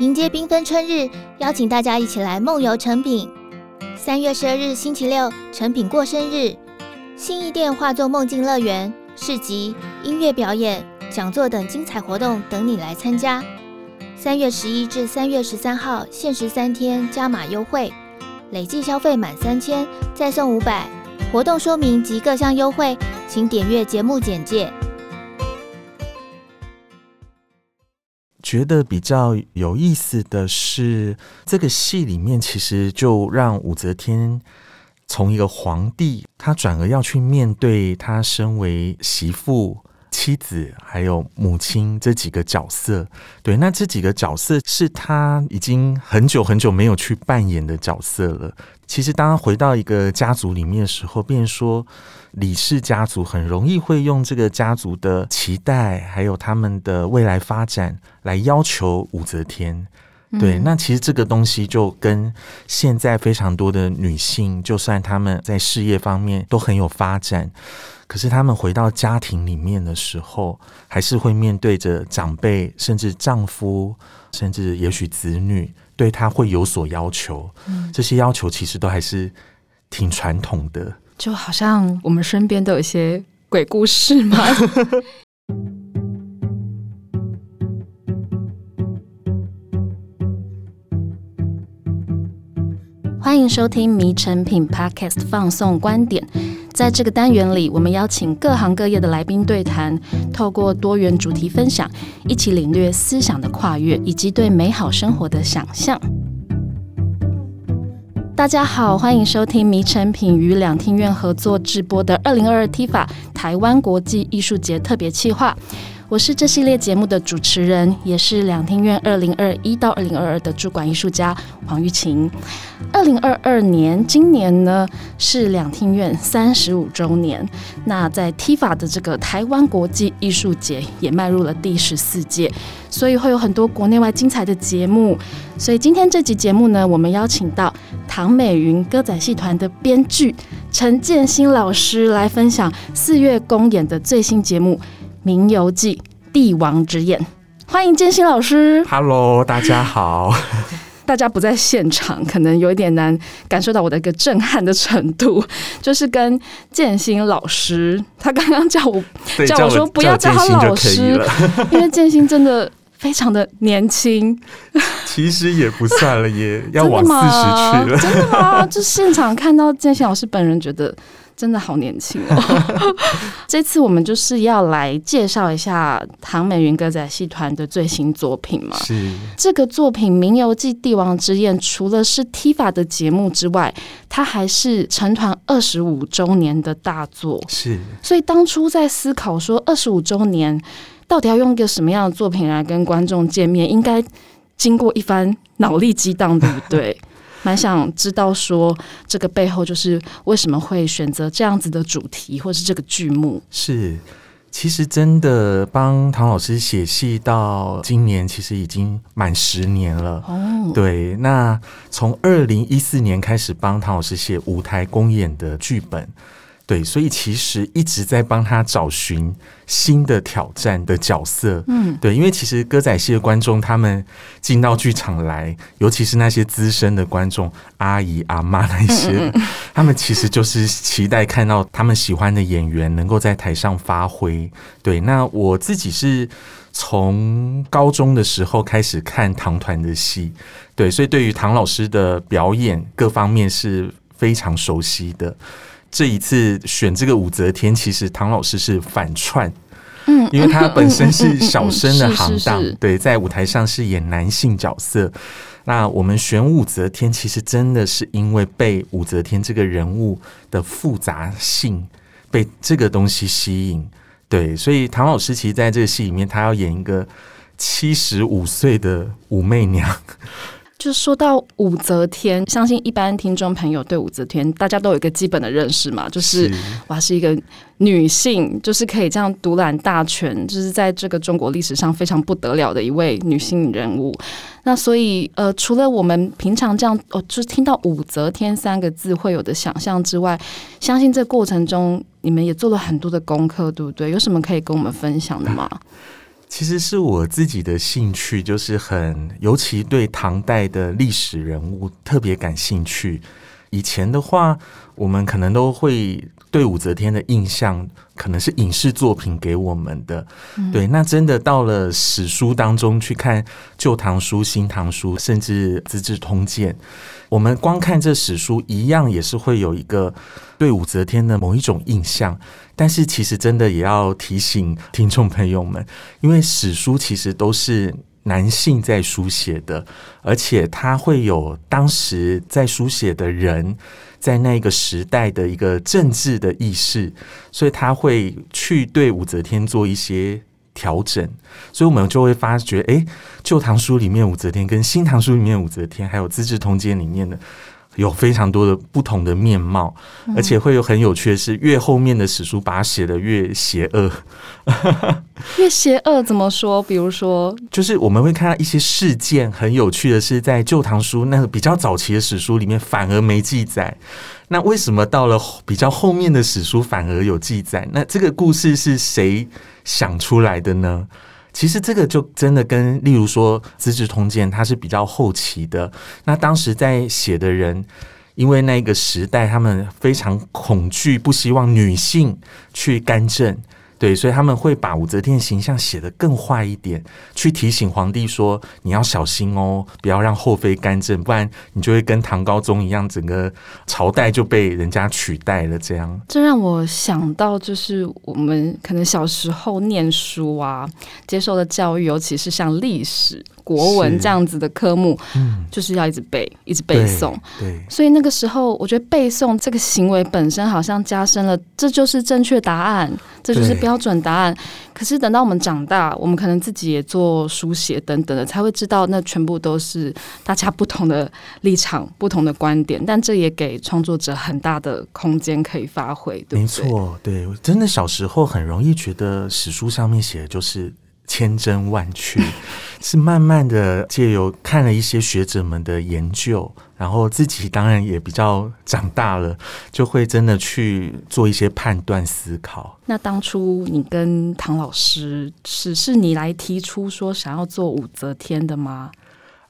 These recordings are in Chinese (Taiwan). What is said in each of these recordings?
迎接繽紛春日，邀請大家一起來夢遊誠品。三月十二日星期六，誠品過生日，信義店化作夢境樂園，市集、音樂表演、講座等精彩活動等你來參加。三月十一至三月十三號，限時三天加碼優惠，累計消費滿三千再送五百。活動說明及各項優惠，請點閱節目簡介。覺得比較有意思的是，這個戲裡面其實就讓武則天從一個皇帝，她轉而要去面對她身為媳婦。妻子還有母親這幾個角色，對，那這幾個角色是他已經很久很久沒有去扮演的角色了。其實，當他回到一個家族裡面的時候，便說李氏家族很容易會用這個家族的期待，還有他們的未來發展來要求武則天。對，那其實這個東西就跟現在非常多的女性，就算他們在事業方面都很有發展，可是她們回到家庭裡面的時候，還是會面對着長輩，甚至丈夫，甚至也許子女對她會有所要求。這些要求其實都還是挺傳統的，就好像我們身邊都有一些鬼故事嘛。 歡迎收聽《迷成品》Podcast 放送觀點。在這個單元裡，我們邀請各行各業的來賓對談，透過多元主題分享，一起領略思想的跨越以及對美好生活的想象。大家好，歡迎收聽《迷成品》與兩廳院合作直播的二零二二 TIFA 台灣國際藝術節特別企劃。我是這系列節目的主持人，也是兩廳院二零二一到二零二二的駐館藝術家黃郁晴。二零二二年，今年呢是兩廳院三十五週年。那在 TIFA 的這個台灣國際藝術節也邁入了第十四屆，所以會有很多國內外精彩的節目。所以今天這集節目呢，我們邀請到唐美雲歌仔戲團的編劇陳健星老師來分享四月公演的最新節目。《冥遊記》帝王之宴，歡迎健星老師。Hello，大家好。 大家不在現場，可能有一點難感受到我的一個震撼的程度。就是跟健星老師，他剛剛叫我叫我說不要叫他老師， 因為健星真的非常的年輕。 其實也不算了也要往四十去了 真，真的嗎？ 就現場看到健星老師本人，覺得。真的好年輕哦！ 這次我們就是要來介紹一下唐美雲歌仔戲團的最新作品嘛，是。是這個作品《冥遊記·帝王之宴》，除了是 TIFA 的節目之外，它還是成團二十五週年的大作。是，所以當初在思考說，二十五週年到底要用一個什麼樣的作品來跟觀眾見面，應該經過一番腦力激盪，對不對？ 蠻想知道說，這個背後就是為什麼會選擇這樣子的主題，或是這個劇目。是，其實真的幫唐老師寫戲到今年，其實已經滿十年了。哦，對，那從二零一四年開始幫唐老師寫舞台公演的劇本。對，所以其實一直在幫他找尋新的挑戰的角色。嗯，對，因為其實歌仔戲的觀眾，他們進到劇場來，尤其是那些資深的觀眾，阿姨阿媽那些，嗯嗯，他們其實就是期待看到他們喜歡的演員能夠在台上發揮。對，那我自己是從高中的時候開始看唐團的戲，對，所以對於唐老師的表演各方面是非常熟悉的。這一次選這個武則天，其實唐老師是反串，嗯，因為他本身是小生的行當，對，在舞台上是演男性角色。那我們選武則天，其實真的是因為被武則天這個人物的複雜性，被這個東西吸引，對，所以唐老師其實在這個戲裡面，他要演一個七十五歲的武媚娘。就是說到武則天，相信一般聽眾朋友對武則天大家都有一個基本的認識嘛，就是，是哇是一個女性，就是可以這樣獨攬大權，就是在這個中國歷史上非常不得了的一位女性人物。那所以呃，除了我們平常這樣哦，就是聽到武則天三個字會有的想象之外，相信這過程中你們也做了很多的功課，對不對？有什麼可以跟我們分享的嗎？ 其實是我自己的興趣，就是很，尤其對唐代的歷史人物特別感興趣。以前的話，我們可能都會對武則天的印象，可能是影視作品給我們的。嗯、對，那真的到了史書當中去看《舊唐書》《新唐書》，甚至《資治通鑑》，我們光看這史書一樣，也是會有一個對武則天的某一種印象。但是，其實真的也要提醒聽眾朋友們，因為史書其實都是。男性在書寫的，而且他會有當時在書寫的人在那個時代的一個政治的意識，所以他會去對武則天做一些調整，所以我們就會發覺，哎、欸，《舊唐書》裡面武則天跟《新唐書》裡面武則天，還有《資治通鑑》裡面的。有非常多的不同的面貌，而且會有很有趣的是，越後面的史書把它寫的越邪惡。 越邪惡怎麼說？比如說，就是我們會看到一些事件，很有趣的是，在《舊唐書》那個比較早期的史書裡面反而沒記載，那為什麼到了比較後面的史書反而有記載？那這個故事是誰想出來的呢？其實這個就真的跟，例如說《資治通鑑》，它是比較後期的。那當時在寫的人，因為那個時代，他們非常恐懼，不希望女性去干政。對，所以他們會把武則天形象寫得更壞一點，去提醒皇帝說：“你要小心哦，不要讓後妃干政，不然你就會跟唐高宗一樣，整個朝代就被人家取代了。”這樣，這讓我想到，就是我們可能小時候念書啊，接受的教育，尤其是像歷史。國文這樣子的科目，嗯，就是要一直背，一直背誦，對。所以那個時候，我覺得背誦這個行為本身，好像加深了這就是正確答案，這就是標準答案。對。可是等到我們長大，我們可能自己也做書寫等等的，才會知道那全部都是大家不同的立場、不同的觀點。但這也給創作者很大的空間可以發揮，對不對？沒錯，對。真的小時候很容易覺得史書上面寫的就是。千真萬確， 是慢慢的借由看了一些學者們的研究，然後自己當然也比較長大了，就會真的去做一些判斷思考。那當初你跟唐老師，只是，是你來提出說想要做武則天的嗎？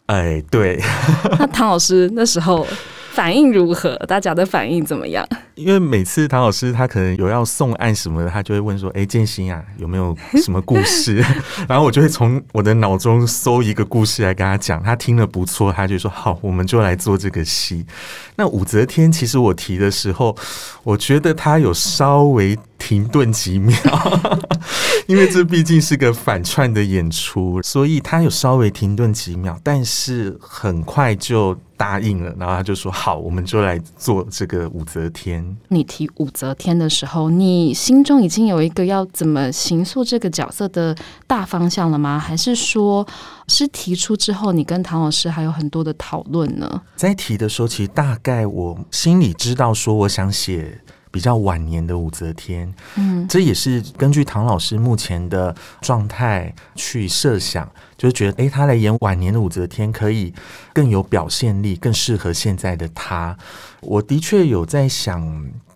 哎，對。 那唐老師那時候，反應如何？大家的反應怎麼樣？因為每次唐老師他可能有要送案什麼的，他就會問說：“哎、欸，健星啊，有沒有什麼故事？” 然後我就會從我的腦中搜一個故事來跟他講。他聽了不錯，他就說：“好，我們就來做這個戲。”那武則天，其實我提的時候，我覺得他有稍微停頓幾秒。 因為這畢竟是個反串的演出，所以他有稍微停頓幾秒，但是很快就答應了。然後他就說：“好，我們就來做這個武則天。”你提武則天的時候，你心中已經有一個要怎麼形塑這個角色的大方向了嗎？還是說是提出之後，你跟唐老師還有很多的討論呢？在提的時候，其實大概我心裡知道，說我想寫。比較晚年的武則天，嗯，這也是根據唐老師目前的狀態去設想，就是覺得，誒，他來演晚年的武則天，可以更有表現力，更適合現在的他。我的確有在想，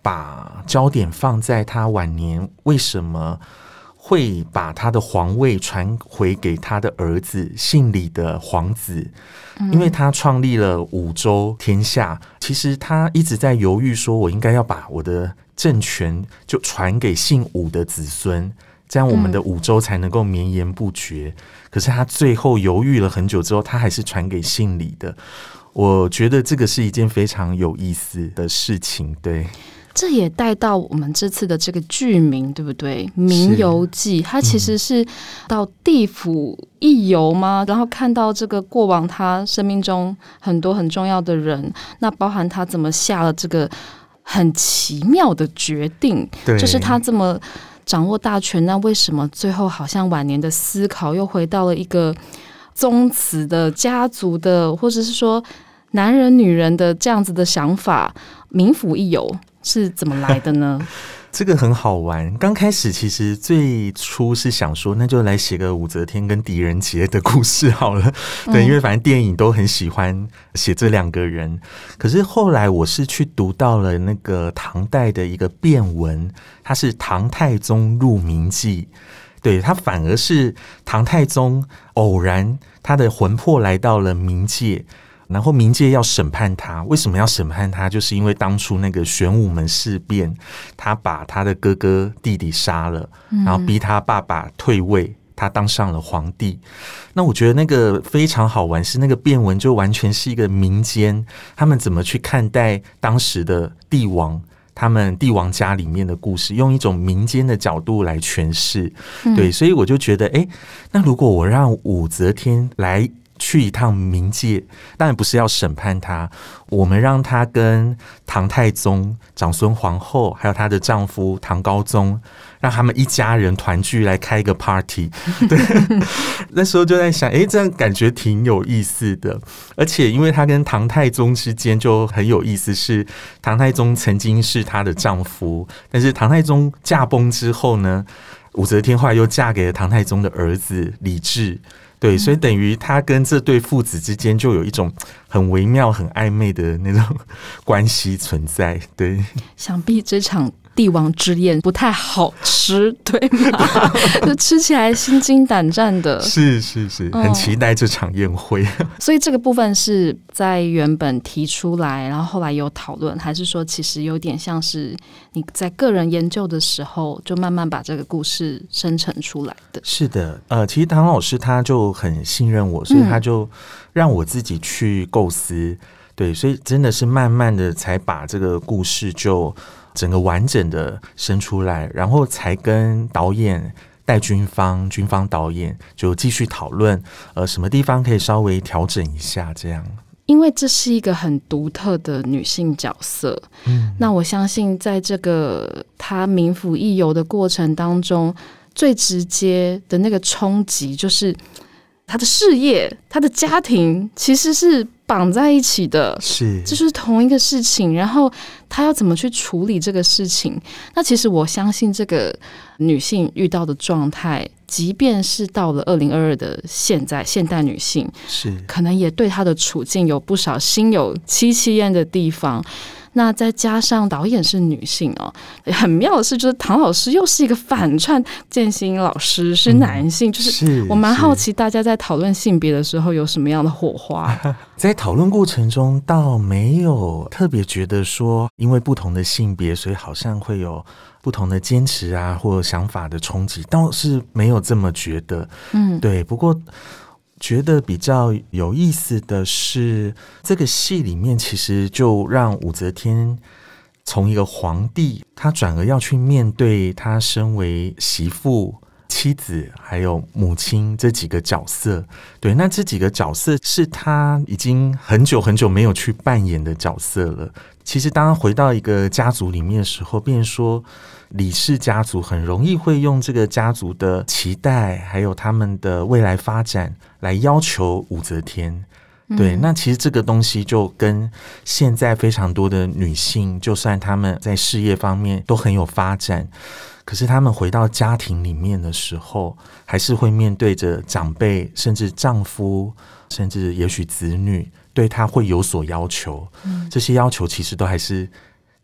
把焦點放在他晚年，為什麼？會把他的皇位傳回給他的兒子，姓李的皇子，因為他創立了武周天下。其實他一直在猶豫，說我應該要把我的政權就傳給姓武的子孫，這樣我們的武周才能夠綿延不絕。可是他最後猶豫了很久之後，他還是傳給姓李的。我覺得這個是一件非常有意思的事情，對。這也帶到我們這次的這個劇名，對不對？《冥遊記》它是其實是到地府一遊嗎？嗯、然後看到這個過往他生命中很多很重要的人，那包含他怎麼下了這個很奇妙的決定？對，就是他這麼掌握大權，那為什麼最後好像晚年的思考又回到了一個宗祠的家族的，或者是說男人女人的這樣子的想法？冥府一遊。是怎麼來的呢？這個很好玩。剛開始其實最初是想說，那就來寫個武則天跟狄仁傑的故事好了。嗯、對，因為反正電影都很喜歡寫這兩個人。可是後來我是去讀到了那個唐代的一個變文，他是《唐太宗入冥記》對。對他反而是唐太宗偶然他的魂魄來到了冥界。然後冥界要審判他，為什麼要審判他？就是因為當初那個玄武門事變，他把他的哥哥弟弟殺了，然後逼他爸爸退位，他當上了皇帝。嗯、那我覺得那個非常好玩，是那個變文就完全是一個民間他們怎麼去看待當時的帝王，他們帝王家裡面的故事，用一種民間的角度來詮釋。嗯、對，所以我就覺得，哎，那如果我讓武則天來。去一趟冥界，當然不是要審判她，我們讓她跟唐太宗、長孫皇後，還有她的丈夫唐高宗，讓他們一家人團聚來開一個 party。對， 那時候就在想，哎、欸，這樣感覺挺有意思的。而且，因為她跟唐太宗之間就很有意思，是唐太宗曾經是她的丈夫，但是唐太宗駕崩之後呢，武則天後來又嫁給了唐太宗的兒子李治。對，所以等於他跟這對父子之間就有一種很微妙、很曖昧的那種關係存在。對，想必這場帝王之宴不太好吃，對嗎？ 就吃起來心驚膽戰的。是是是，很期待這場宴會。Oh, 所以這個部分是在原本提出來，然後後來有討論，還是說其實有點像是你在個人研究的時候就慢慢把這個故事生成出來的？是的，呃，其實唐老師他就很信任我，所以他就讓我自己去構思，嗯、對，所以真的是慢慢的才把這個故事就。整個完整的生出來，然後才跟導演戴君芳、君芳導演就繼續討論，呃，什麼地方可以稍微調整一下，這樣。因為這是一個很獨特的女性角色，嗯，那我相信，在這個她冥府一遊的過程當中，最直接的那個衝擊就是她的事業、她的家庭，其實是。綁在一起的，是就是同一個事情。然後他要怎麼去處理這個事情？那其實我相信，這個女性遇到的狀態，即便是到了二零二二的現在，現代女性是可能也對她的處境有不少心有戚戚焉的地方。那再加上導演是女性哦，很妙的是，就是唐老師又是一個反串，健星老師是男性，嗯、是，就是我蠻好奇大家在討論性別的時候有什麼樣的火花。啊、在討論過程中，倒沒有特別覺得說，因為不同的性別，所以好像會有不同的堅持啊，或想法的衝擊，倒是沒有這麼覺得。嗯，對，不過。覺得比較有意思的是，這個戲裡面其實就讓武則天從一個皇帝，她轉而要去面對她身為媳婦、妻子還有母親這幾個角色。對，那這幾個角色是她已經很久很久沒有去扮演的角色了。其實，當她回到一個家族裡面的時候，便說李氏家族很容易會用這個家族的期待，還有他們的未來發展。來要求武則天，嗯、對，那其實這個東西就跟現在非常多的女性，就算她們在事業方面都很有發展，可是她們回到家庭裡面的時候，還是會面對着長輩，甚至丈夫，甚至也許子女，對她會有所要求。嗯、這些要求其實都還是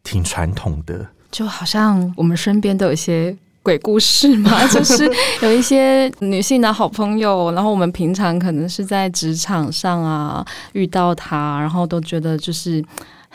挺傳統的，就好像我們身邊都有一些。鬼故事嘛，就是有一些女性的好朋友， 然後我們平常可能是在職場上啊，遇到她，然後都覺得就是。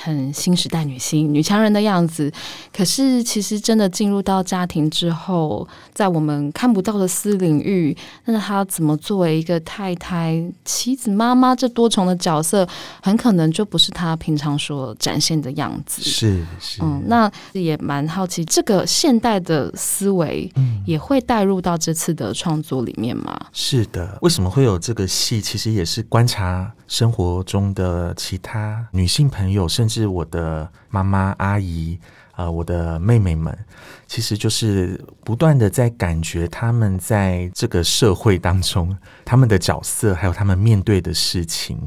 很新時代女性、女強人的樣子，可是其實真的進入到家庭之後，在我們看不到的私領域，那她怎麼作為一個太太、妻子、媽媽這多重的角色，很可能就不是她平常所展現的樣子。是是，是嗯，那也蠻好奇，這個現代的思維也會帶入到這次的創作裡面嗎？是的，為什麼會有這個戲？其實也是觀察。生活中的其他女性朋友，甚至我的媽媽、阿姨啊、呃，我的妹妹們，其實就是不斷地在感覺他們在這個社會當中，他們的角色，還有他們面對的事情。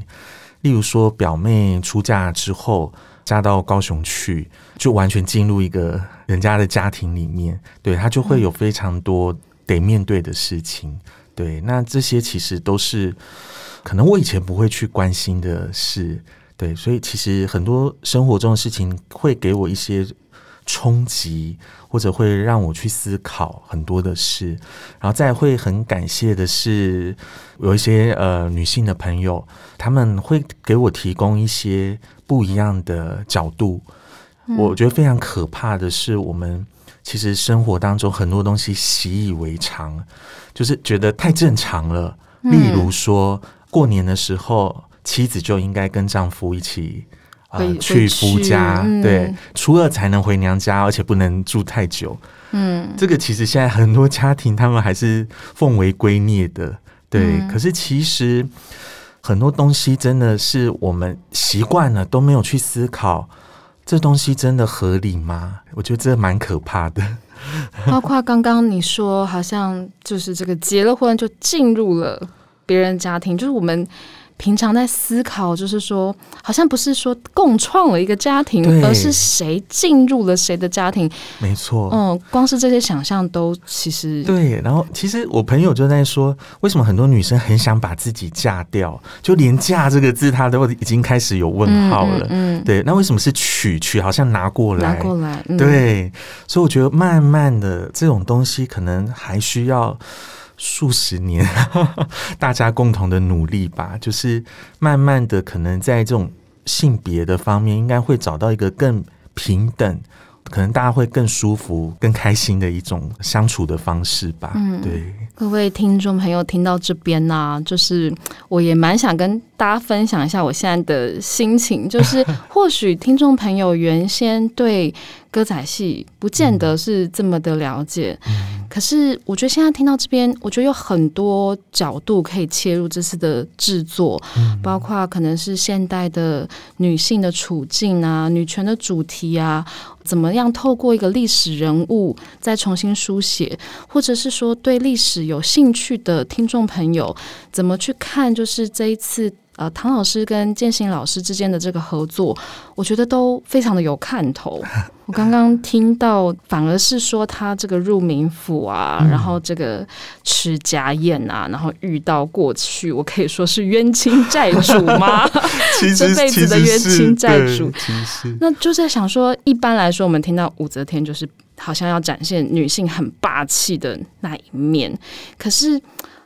例如說，表妹出嫁之後，嫁到高雄去，就完全進入一個人家的家庭裡面，對她就會有非常多得面對的事情。嗯、對，那這些其實都是。可能我以前不會去關心的事，對，所以其實很多生活中的事情會給我一些衝擊，或者會讓我去思考很多的事，然後再會很感謝的是，有一些呃女性的朋友，他們會給我提供一些不一樣的角度。嗯、我覺得非常可怕的是，我們其實生活當中很多東西習以為常，就是覺得太正常了，嗯、例如說。過年的時候，妻子就應該跟丈夫一起啊、呃、屈去夫家，嗯、對，初二才能回娘家，而且不能住太久。嗯，這個其實現在很多家庭他們還是奉為圭臬的，對。嗯、可是其實很多東西真的是我們習慣了，都沒有去思考，這東西真的合理嗎？我覺得這蠻可怕的。包括剛剛你說， 好像就是這個結了婚就進入了。別人家庭，就是我們平常在思考，就是說，好像不是說共創了一個家庭，對而是誰進入了誰的家庭？沒錯錯，嗯，光是這些想象都其實對。然後，其實我朋友就在說，為什麼很多女生很想把自己嫁掉？就“連嫁”這個字，她都已經開始有問號了。嗯嗯嗯、對，那為什麼是娶？娶好像拿過來，拿過來。嗯、對，所以我覺得，慢慢的，這種東西可能還需要。數十年，大家共同的努力吧，就是慢慢的，可能在這種性別的方面，應該會找到一個更平等，可能大家會更舒服、更開心的一種相處的方式吧。嗯，對。各位聽眾朋友，聽到這邊呢、啊，就是我也蠻想跟大家分享一下我現在的心情，就是或許聽眾朋友原先對。歌仔戲不見得是這麼的了解，嗯、可是我覺得現在聽到這邊，我覺得有很多角度可以切入這次的製作，嗯、包括可能是現代的女性的處境啊、女權的主題啊，怎麼樣透過一個歷史人物再重新書寫，或者是說對歷史有興趣的聽眾朋友，怎麼去看就是這一次。呃，唐老師跟健星老師之間的這個合作，我覺得都非常的有看頭。 我剛剛聽到，反而是說他這個入冥府啊，嗯、然後這個吃家宴啊，然後遇到過去我可以說是冤親債主嗎？ 實 這輩子的冤親債主。是是那就在想說，一般來說我們聽到武則天，就是好像要展現女性很霸氣的那一面，可是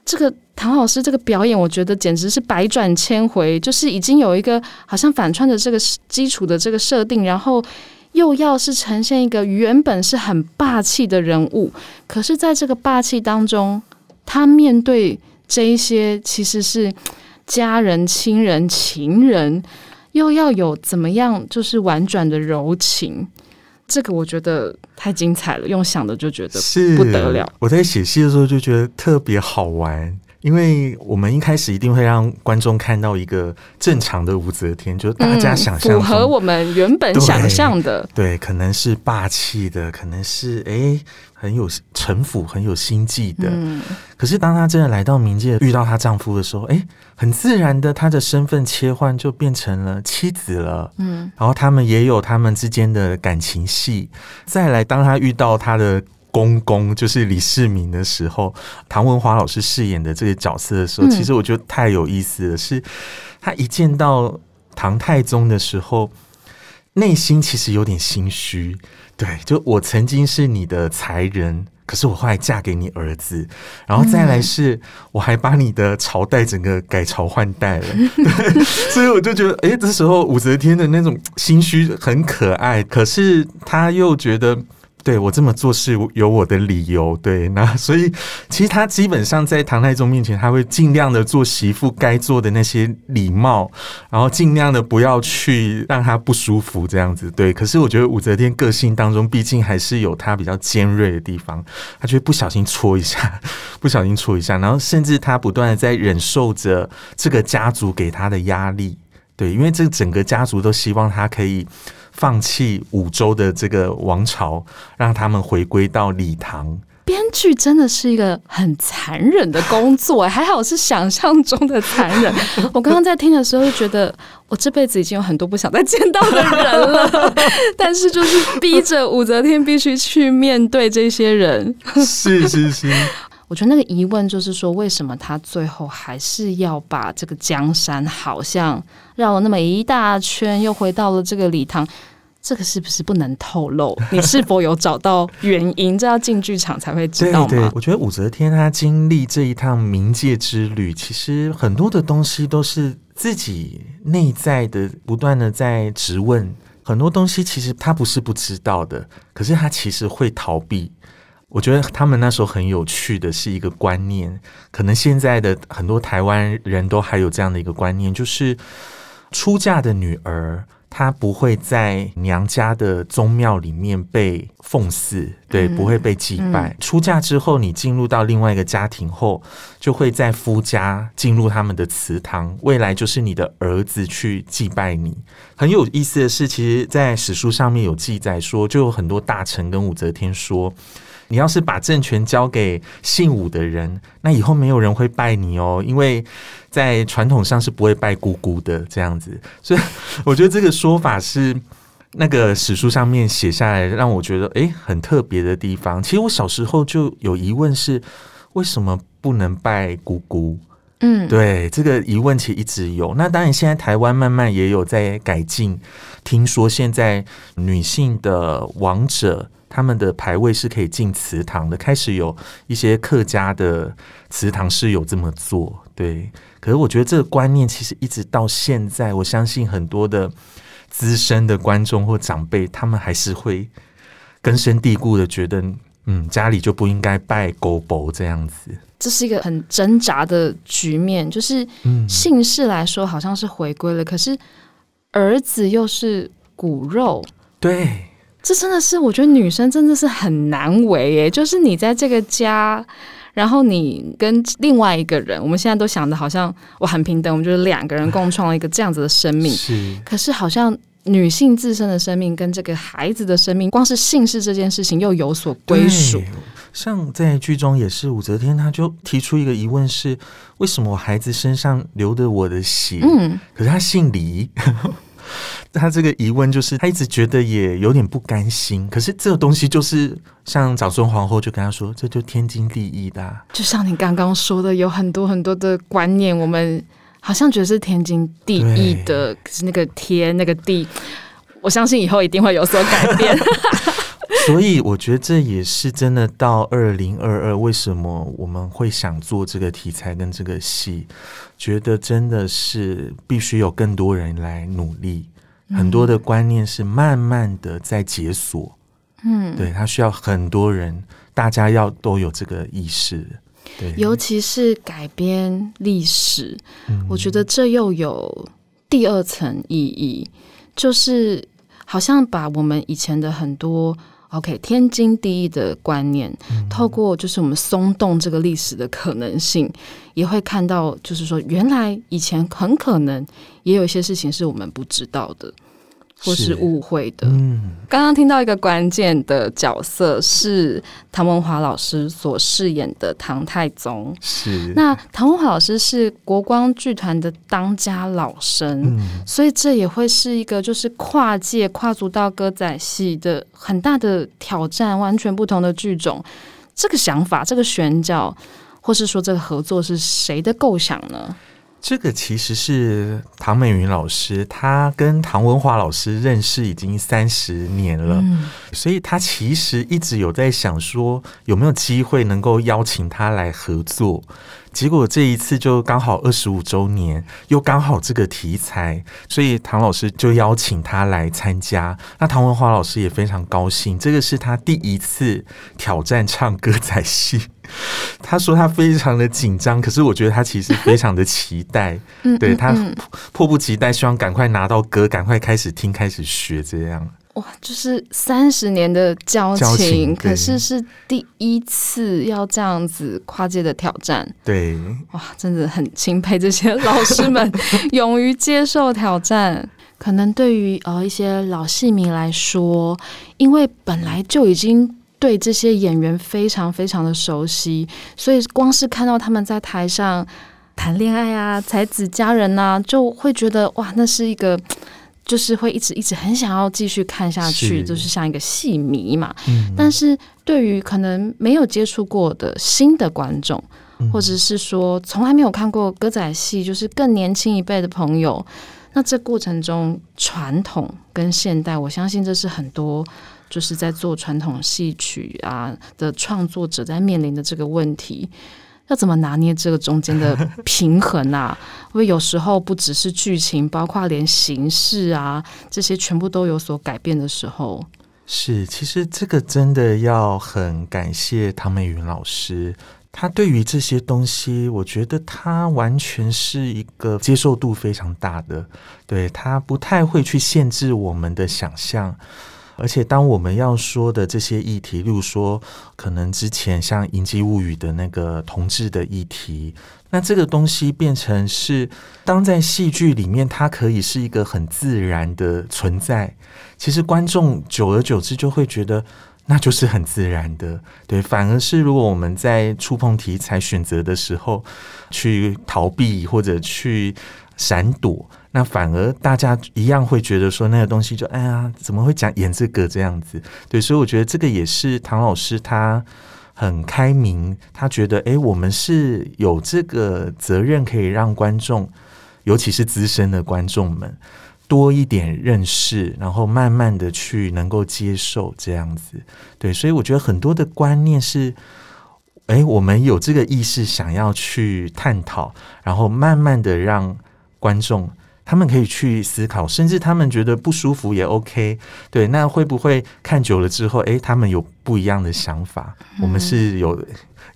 這個。唐老師這個表演，我覺得簡直是百轉千回，就是已經有一個好像反串的這個基礎的這個設定，然後又要是呈現一個原本是很霸氣的人物，可是在這個霸氣當中，他面對這一些其實是家人、親人、情人，又要有怎麼樣就是婉轉的柔情，這個我覺得太精彩了，用想的就覺得是不得了。啊，我在寫戲的時候就覺得特別好玩。因為我們一開始一定會讓觀眾看到一個正常的武則天，就是大家想象、嗯、符合我們原本想象的對，對，可能是霸氣的，可能是誒，很有城府、很有心計的。嗯、可是當她真的來到冥界遇到她丈夫的時候，誒，很自然的她的身份切換就變成了妻子了。嗯，然後他們也有他們之間的感情戲。再來，當她遇到她的。公公就是李世民的時候，唐文華老師飾演的這個角色的時候，嗯、其實我覺得太有意思了。是，他一見到唐太宗的時候，內心其實有點心虛。對，就我曾經是你的才人，可是我後來嫁給你兒子，然後再來是，嗯、我還把你的朝代整個改朝換代了。對， 所以我就覺得，哎、欸，這時候武則天的那種心虛很可愛，可是他又覺得。對，我這麼做是有我的理由。對，那所以其實他基本上在唐太宗面前，他會盡量的做媳婦該做的那些禮貌，然後盡量的不要去讓他不舒服這樣子。對，可是我覺得武則天個性當中，畢竟還是有她比較尖銳的地方，他就不小心戳一下，不小心戳一下，然後甚至他不斷的在忍受着這個家族給他的壓力。對，因為這整個家族都希望他可以。放棄武周的這個王朝，讓他們回歸到李唐。編劇真的是一個很殘忍的工作欸，還好是想象中的殘忍。 我剛剛在聽的時候就覺得，我這輩子已經有很多不想再見到的人了， 但是就是逼着武則天必須去面對這些人。 是是是。我覺得那個疑問就是說，為什麼他最後還是要把這個江山，好像繞了那麼一大圈，又回到了這個李唐？這個是不是不能透露？你是否有找到原因？ 這要進劇場才會知道嗎？對對，我覺得武則天她經歷這一趟冥界之旅，其實很多的東西都是自己內在的不斷的在質問，很多東西其實她不是不知道的，可是她其實會逃避。我覺得他們那時候很有趣的是一個觀念，可能現在的很多台灣人都還有這樣的一個觀念，就是出嫁的女兒她不會在娘家的宗廟裡面被奉祀，對，不會被祭拜。嗯嗯、出嫁之後，你進入到另外一個家庭後，就會在夫家進入他們的祠堂，未來就是你的兒子去祭拜你。很有意思的是，其實，在史書上面有記載說，就有很多大臣跟武則天說。你要是把政權交給姓武的人，那以後沒有人會拜你哦，因為在傳統上是不會拜姑姑的這樣子，所以我覺得這個說法是那個史書上面寫下來，讓我覺得誒，很特別的地方。其實我小時候就有疑問是為什麼不能拜姑姑？嗯，對，這個疑問其實一直有。那當然，現在台灣慢慢也有在改進，聽說現在女性的王者。他們的牌位是可以進祠堂的，開始有一些客家的祠堂是有這麼做，對。可是我覺得這個觀念其實一直到現在，我相信很多的資深的觀眾或長輩，他們還是會根深蒂固的覺得，嗯，家裡就不應該拜姑婆這樣子。這是一個很掙扎的局面，就是姓氏來說好像是回歸了，嗯，可是兒子又是骨肉，對。這真的是，我覺得女生真的是很難為耶，就是你在這個家，然後你跟另外一個人，我們現在都想的好像我很平等，我們就是兩個人共創了一個這樣子的生命。啊、是，可是好像女性自身的生命跟這個孩子的生命，光是姓氏這件事情又有所歸屬。像在劇中也是，武則天她就提出一個疑問是：為什麼我孩子身上流的我的血，嗯、可是他姓李？ 他這個疑問就是，他一直覺得也有點不甘心。可是這個東西就是，像長孫皇後就跟他說，這就天經地義的啊。就像你剛剛說的，有很多很多的觀念，我們好像覺得是天經地義的，對可是那個天那個地，我相信以後一定會有所改變。 所以我覺得這也是真的。到二零二二，為什麼我們會想做這個題材跟這個戲？覺得真的是必須有更多人來努力。很多的觀念是慢慢的在解鎖。嗯，對，它需要很多人，大家要都有這個意識。對，對，尤其是改編歷史，嗯、我覺得這又有第二層意義，就是好像把我們以前的很多。OK，天經地義的觀念，透過就是我們鬆動這個歷史的可能性，也會看到，就是說，原來以前很可能也有一些事情是我們不知道的。或是誤會的。嗯，剛剛聽到一個關鍵的角色是唐文華老師所飾演的唐太宗。是，那唐文華老師是國光劇團的當家老生，嗯，所以這也會是一個就是跨界跨足到歌仔戲的很大的挑戰，完全不同的劇種。這個想法，這個選角，或是說這個合作是誰的構想呢？這個其實是唐美雲老師，他跟唐文華老師認識已經三十年了，嗯、所以他其實一直有在想說，有沒有機會能夠邀請他來合作。結果這一次就剛好二十五周年，又剛好這個題材，所以唐老師就邀請他來參加。那唐文華老師也非常高興，這個是他第一次挑戰唱歌仔戲， 他說他非常的緊張，可是我覺得他其實非常的期待， 對，他迫不及待，希望趕快拿到歌，趕快開始聽，開始學這樣。哇，就是三十年的交情、交情，可是是第一次要這樣子跨界的挑戰。對，哇，真的很欽佩這些老師們 勇於接受挑戰。 可能對於呃一些老戲迷來說，因為本來就已經對這些演員非常非常的熟悉，所以光是看到他們在台上談戀愛啊、才子佳人吶、啊，就會覺得哇，那是一個。就是會一直一直很想要繼續看下去，是就是像一個戲迷嘛。嗯嗯，但是，對於可能沒有接觸過的新的觀眾，或者是說從來沒有看過歌仔戲，就是更年輕一輩的朋友，那這過程中傳統跟現代，我相信這是很多就是在做傳統戲曲啊的創作者在面臨的這個問題。要怎麼拿捏這個中間的平衡呢？啊？ 因為有時候不只是劇情，包括連形式啊這些全部都有所改變的時候，是。其實這個真的要很感謝唐美雲老師，她對於這些東西，我覺得她完全是一個接受度非常大的，對，她不太會去限制我們的想象。而且，當我們要說的這些議題，例如說，可能之前像《螢姬物語》的那個同志的議題，那這個東西變成是，當在戲劇裡面，它可以是一個很自然的存在。其實，觀眾久而久之就會覺得那就是很自然的。對，反而是如果我們在觸碰題材選擇的時候，去逃避或者去閃躲。那反而大家一樣會覺得說，那個東西就哎呀，怎麼會講演這個這樣子？對，所以我覺得這個也是唐老師他很開明，他覺得哎、欸，我們是有這個責任可以讓觀眾，尤其是資深的觀眾們，多一點認識，然後慢慢的去能夠接受這樣子。對，所以我覺得很多的觀念是，哎、欸，我們有這個意識想要去探討，然後慢慢的讓觀眾。他們可以去思考，甚至他們覺得不舒服也 OK，對，那會不會看久了之後，誒、欸，他們有不一樣的想法，嗯、我們是有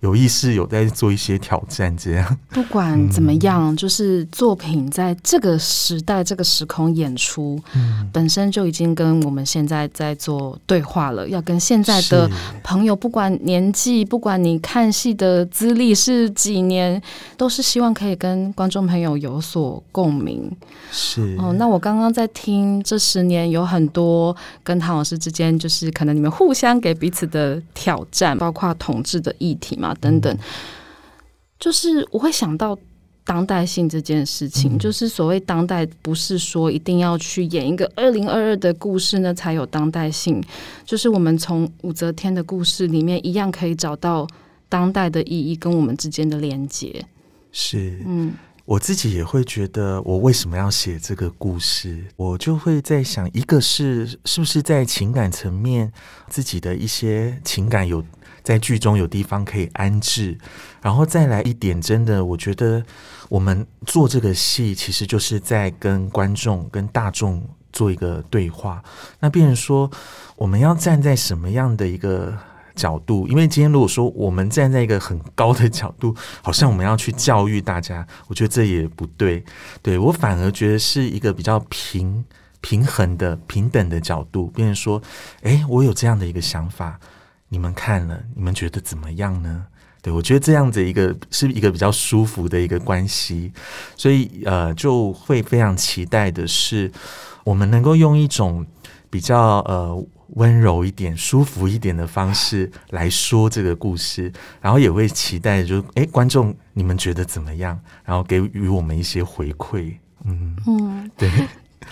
有意識有在做一些挑戰，這樣不管怎麼樣，嗯、就是作品在這個時代、這個時空演出，嗯、本身就已經跟我們現在在做對話了。要跟現在的朋友，不管年紀，是不管你看戲的資歷是幾年，都是希望可以跟觀眾朋友有所共鳴。是哦，那我剛剛在聽這十年有很多跟唐老師之間，就是可能你們互相給彼此。的挑戰，包括統治的議題嘛，等等，嗯、就是我會想到當代性這件事情。嗯、就是所謂當代，不是說一定要去演一個二零二二的故事呢才有當代性。就是我們從武則天的故事裡面，一樣可以找到當代的意義跟我們之間的連接。是，嗯。我自己也會覺得，我為什麼要寫這個故事？我就會在想，一個是是不是在情感層面，自己的一些情感有在劇中有地方可以安置，然後再來一點，真的，我覺得我們做這個戲，其實就是在跟觀眾、跟大眾做一個對話。那變成說，我們要站在什麼樣的一個？角度，因為今天如果說我們站在一個很高的角度，好像我們要去教育大家，我覺得這也不對。對我反而覺得是一個比較平平衡的、平等的角度。比如說：“欸，我有這樣的一個想法，你們看了，你們覺得怎麼樣呢？”對我覺得這樣子一個是一個比較舒服的一個關係，所以呃，就會非常期待的是，我們能夠用一種比較呃。溫柔一點、舒服一點的方式來說這個故事，然後也會期待就，就、欸、哎，觀眾你們覺得怎麼樣？然後給予我們一些回饋。嗯嗯，對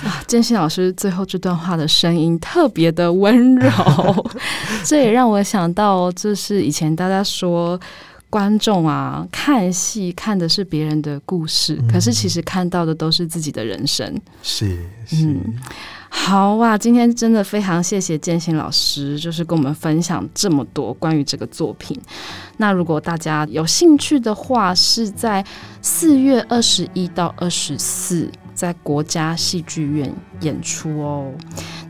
啊，健星老師最後這段話的聲音特別的溫柔， 這也讓我想到，就是以前大家說觀眾啊，看戲看的是別人的故事，嗯、可是其實看到的都是自己的人生。是，是嗯。好哇、啊，今天真的非常謝謝健星老師，就是跟我們分享這麼多關於這個作品。那如果大家有興趣的話，是在四月二十一到二十四在國家戲劇院演出哦。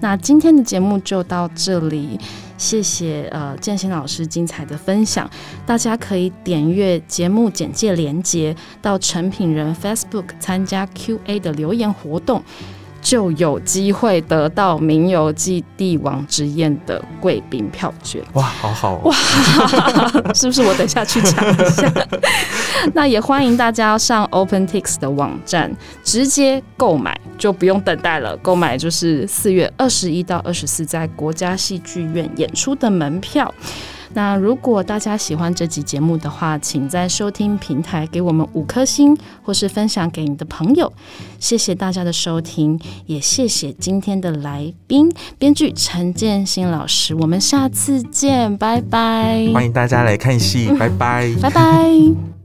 那今天的節目就到這裡，謝謝呃健星老師精彩的分享。大家可以點閱節目簡介連結到誠品人 Facebook 參加 Q&A 的留言活動。就有機會得到《冥遊記》帝王之宴的貴賓票券。哇，好好哦！哇，是不是？我等下去查一下。 那也歡迎大家上 OpenTix 的網站直接購買，就不用等待了。購買就是四月二十一到二十四在國家戲劇院演出的門票。那如果大家喜歡這集節目的話，請在收聽平台給我們五顆星，或是分享給你的朋友。謝謝大家的收聽，也謝謝今天的來賓編劇陳健星老師。我們下次見，拜拜！歡迎大家來看戲， 拜拜，拜拜。